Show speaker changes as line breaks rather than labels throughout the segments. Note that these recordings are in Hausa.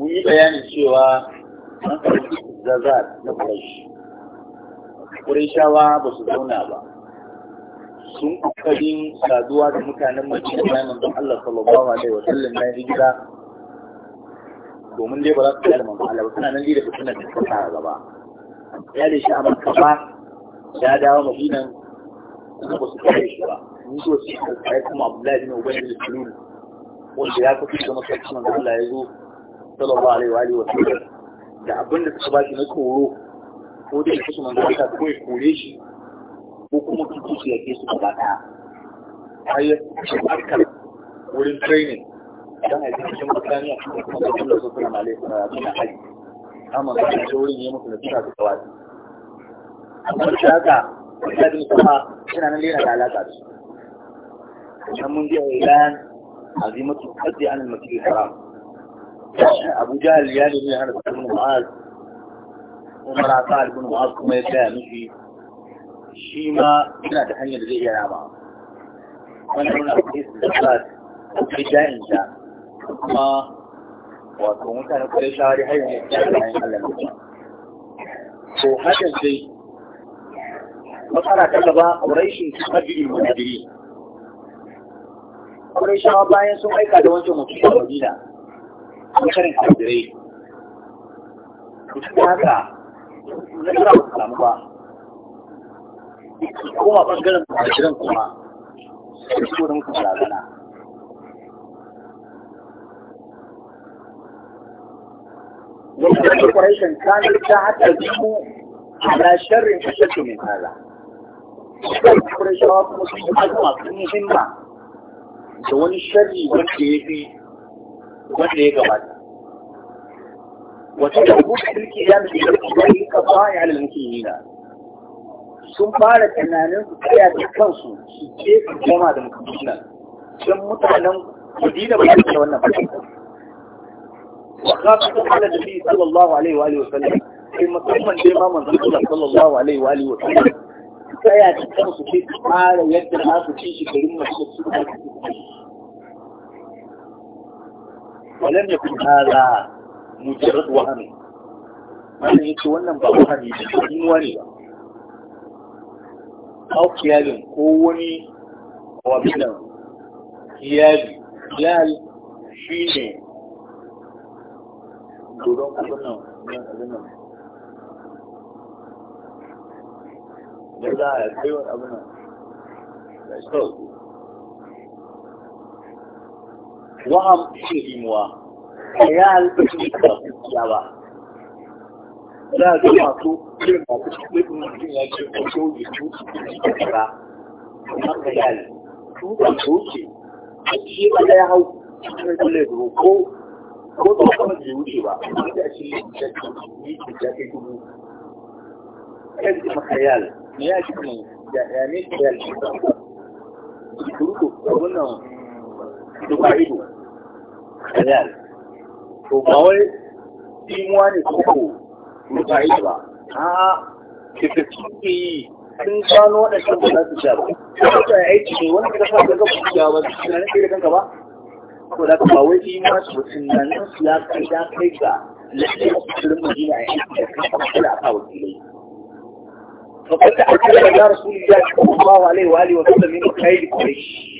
mun yi bayanin cewa an karfi zazar na ƙurashi ƙurashawa ba su zauna ba sun kokarin saduwa da mutanen madina bayan manzon Allah sallallahu alaihi wa sallam na hijira domin dai ba za su kare manzon Allah ba suna nan da fitina da suka fara gaba ya da shi a makka ya dawo madinan suka ba su kare shi ba mun so su kare kuma Abdullahi bin Ubangiji bin Salul wanda ya kafa da masallacin manzon Allah ya zo sallallahu alaihi wa alihi wa sallam da abin da suka bashi na tsoro ko da yake su manzo ta ko kore shi ko kuma kike shi ke su gaba daya har ya shirka wurin training dan ai cikin mutane a cikin da Allah sallallahu alaihi wa sallam amma ba shi wurin na musu nasiha ta kawai amma shi haka da bin kuma yana nan lera da alaka da shi mun je Iran azimatu qadi an al-masjid al-haram أبو جهل يعني من هذا ابن معاذ عمر عطال ابن معاذ كما يتعلم شيء شيء ما لا تحني لديه يا عمام ونحن نحديث بالأساس في جائن جاء ما وكون كان كل شهر حيث يتعلم عن الله سو هذا الشيء مصارا كتبا قريش تحجي المهدرين قريش أبايا سوء كدوان جمهور مدينة bangaren kafirai ta haka na kira ba samu ba kuma bangaren kafirin kuma sai su da gana? barazana yadda da kwarishin kanar ta hata jiku ala sharrin kashe min hala kwarishawa kuma sun yi azuma sun yi himma da wani sharri wanda ya fi wanda ya gabata wata da hukumar mulki ya mutu da kudari ka bayi alal mutumina sun fara tunanin su tsaya da kansu su ce su jama da mutumina don mutanen kudina ba su da wannan fata وخاصة على النبي صلى الله عليه وآله وسلم في مقام الإمام الرسول صلى الله عليه وآله وسلم فيا تتمسك في قال يد الناس في شكل مسجد ولم يكن هذا مجرد وهم wannan yake wannan ba wahami ne inuwa ne ba au ko wani wabinan kiyali kiyal shi ne dodon kudunan yan abinan za a abinan da waham shi himuwa ya halitta shi ba ba za a ga masu irin masu cikin mutum ya ce ko so su ba ka su ka a ba ya hau da ko ko kama da wuce ba ya ce ne ya ce ya ne ya ce duka ido kazal to ba wai timuwa ido ba a kika suke sun gano waɗansu da su sha ba kuma ta aiki ne wani kasa da ga kuciya ba su tunanin kai da kanka ba ko da ba wai timuwa su tunanin su ya kai ya kai ga lalle a cikin madina a yankin da kan kuma da ta wakilai فقد أكلم يا رسول الله صلى الله ta وآله وسلم من خير قريش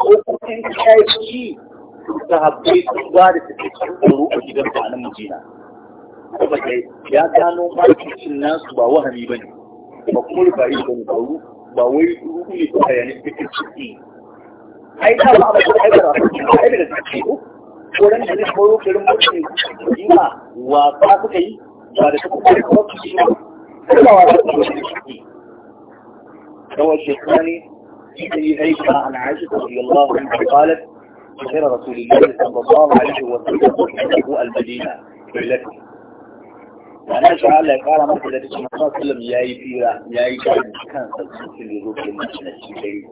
ko in shi da a ya gano markacin nasu ba wahami ba ne ba kuma yi ba ne ba wai ruhu ne ko bayanin cikin ciki ai ta ba a ba ai ba ai daga ciki ko koran da ne koyo garin mutum ne wa ba suka yi ba da su ba ba ne أبي عن عائشة رضي الله عنها قالت خير رسول الله صلى الله عليه وسلم هو المدينة التي يعني أنا شعال لك على مرحلة التي صلى الله عليه وسلم يا إبيرة يا إبيرة كان في الوجود المدينة الشيء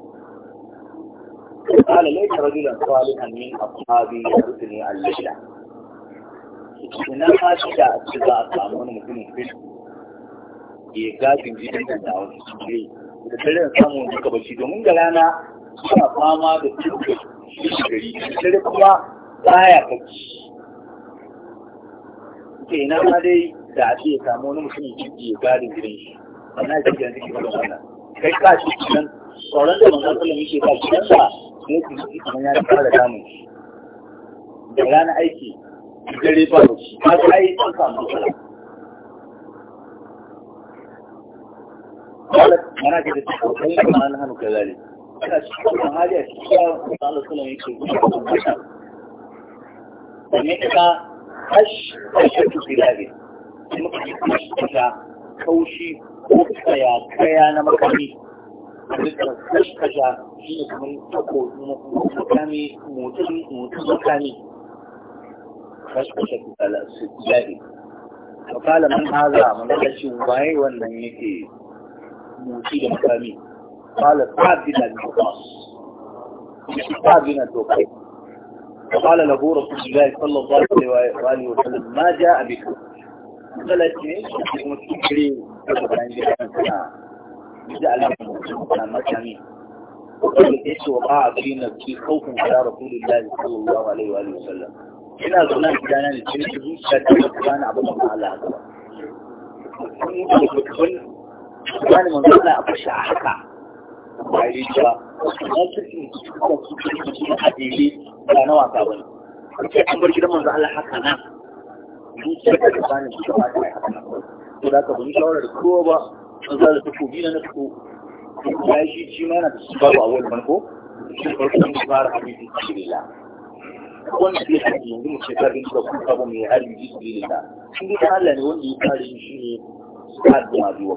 قال ليس رجلا صالحا من أصحابي على الليلة إنما شجاع اتباع الطعمون مكين في ya gajin gidan da da wani da dare samun duka bashi domin da rana suna fama da duka shi gari da dare kuma baya kaci ke na ma dai da a ce samu wani mutumin ciki ya gari gari shi wannan shi yanzu ke wannan kai ka shi gidan tsoron da manzon sallam yake ba gidan ba ne ku ji kamar ya fara damun shi da rana aiki dare ba bacci ba ta yi sun samu matsala ana ka da cikin kai ma na hannu kazari ana cikin hali a cikin Allah sallallahu alaihi wasallam yake ka hash ashatu bilabi muka yi ta kaushi ko tsaya kaya na makami da kashi kasha shi ne kamar tako makami motsin motsin makami kashi kasha bilabi فقال من هذا موسي المكامي قال تعبنا الوقاص تعبنا الوقاص فقال له رسول الله صلى الله عليه وآله وسلم ما جاء بكم قال ايش متكرين جاء لهم مكامي وقال ايش وقع فينا في خوف على رسول الله صلى الله عليه وآله وسلم هنا ظنان كان الجنس بيشتغل كان عبد الله على هذا wani manzo Allah a fashi a haka ba yi ba na eh, kirki da su kirki da adili ba na wasa ba ne an bar gidan manzo Allah haka na. nan zuciya da bani da ba da haka nan to da ka bin shawarar kowa ba an za da tafi bi na tafi ya shi shi ma na da su babu awal banko shi farkon da fara hadisi bismillah wannan zai haɗi yanzu mu shekar da suka kuka ba mai harin bismillah shi ne Allah ne wanda ya kare shi ne sa'ad da ma biyu wa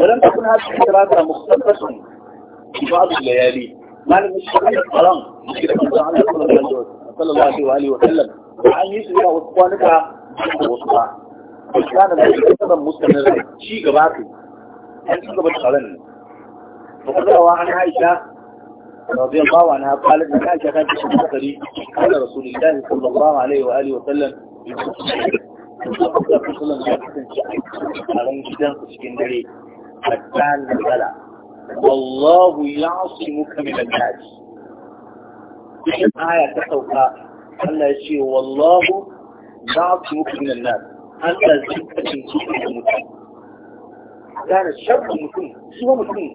ولم تكن هذه الثلاثة مختلفة في بعض الليالي ما لم يشتغل القرآن صلى الله عليه وآله وسلم وعن يسرع وصفانك وصفا وكان ذلك أيضا مستمر شيء قبعك هل تقبل قرن وقد روى عن عائشة رضي الله عنها قالت من كان شفاك الشمسري قال رسول الله صلى الله عليه وآله وسلم والله يعصمك من الناس آية تحوك الله شيء والله يعصمك من الناس أنت زكة من كان الشر المتين سوى مسلم؟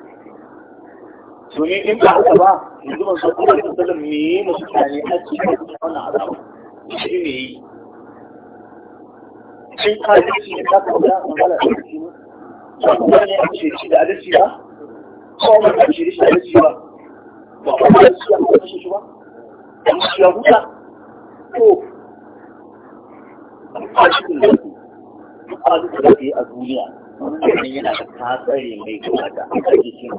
to ni in ba haka ba yanzu ban san Allah ta sallam me yi musu tare a cikin wannan azaba shi ne yi sai ka ji da ka kuma magana da shi ne ba kuma ne a ce shi da adalci ba ko ba ka shi da adalci ba ba kuma shi ya kuma shi ba shi ya huta to a cikin da a duk da ke a duniya wannan yana da tasiri mai gaba da ake cikin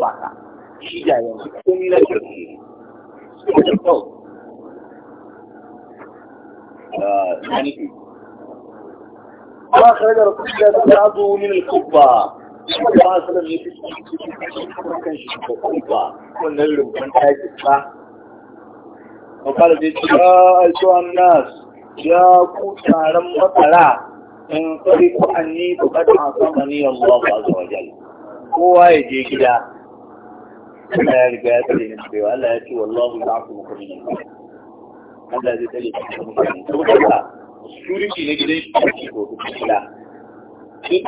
ba ka iyayen sun na يعني أخرج رسول الله بعضه من الكبة واصل وقال يا أيها الناس يا كتار مطلع انطلقوا أني فقد عصمني الله عز وجل هو يجي كده Allah ya riga ya tsare ni cewa Allah ya ce wallahu ya'fu min Allah zai tsare shi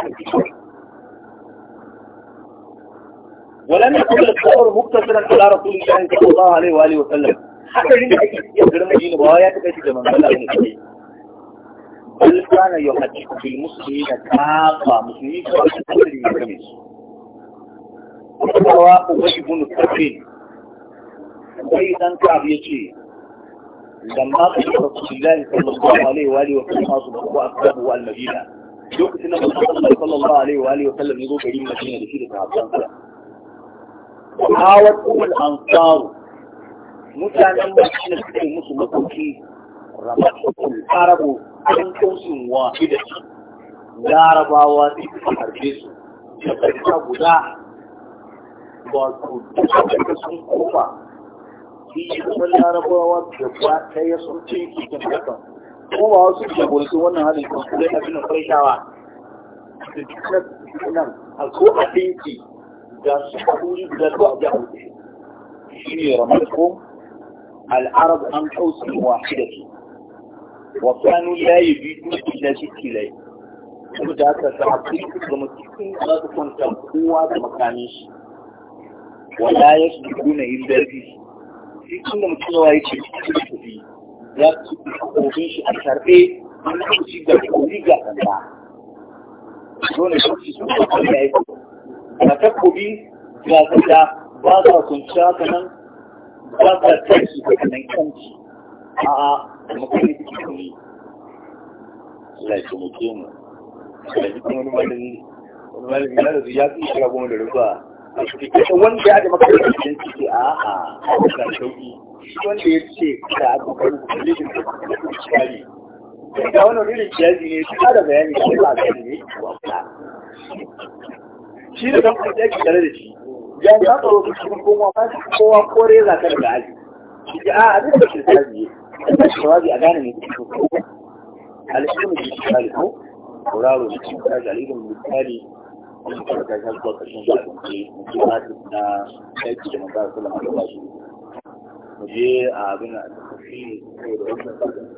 ولم يكن الخبر مقتصرا على رسول الله صلى الله عليه واله وسلم حتى عند يقدر مدينه روايات كثيره من الله بل كان يحدث بالمسلمين كافه مسلمين كافه fatawa ubay ibn kafin ubay dan kab yace lamma qala rasulullahi sallallahu alaihi wa alihi wa sallam asbahu ashabu al madina lokacin da rasulullahi sallallahu alaihi wa alihi wa sallam yazo garin madina da shi da sahabbansa hawat umul ansar mutanen madina suke musu makoki ramatul arabu an kausin wahidati larabawa suka harbe su da guda wato duka sun kofa shi kusan larabawa ta ɗaya sun ce cikin haka ko ba wasu jagoranci wannan halin kan kudai abin da kwaishawa da dukkan nan a ko a ɗinki ga su a wuri guda ko a jihar shi ne ramarko al'arab an kausi wahidatu wa kanu la da illa shikilai saboda haka sahabbai ga mutum za su kwanta kowa da makamin shi wala su duku na yin shi da mutum yawa ya ce su ya su kofin shi a karɓe an kuci da kori ga kanta dole su ci su da kori ya yi na takobi ga ba sa kunci haka nan ba sa tashi haka nan kanci a'a mutum ne suke kori lafi mutum wani malami wani malami ya fi shiga goma da rufa wanda ya ji makarantar da ke a wanda ya ce da kuma wani ne ta da bayani shi da kan kuma yake tare da shi ya za tsaro ku cikin kowa ba kowa kore za ka daga aji shi a abin da ke tsari ne da shawabi a gane ne ko alƙalmi da shi ko sauraro shi da alƙalmi sun karka shi zuwa ƙarshen da abinci na aiki da manzara sallama da bashi mu je a abin a tafi da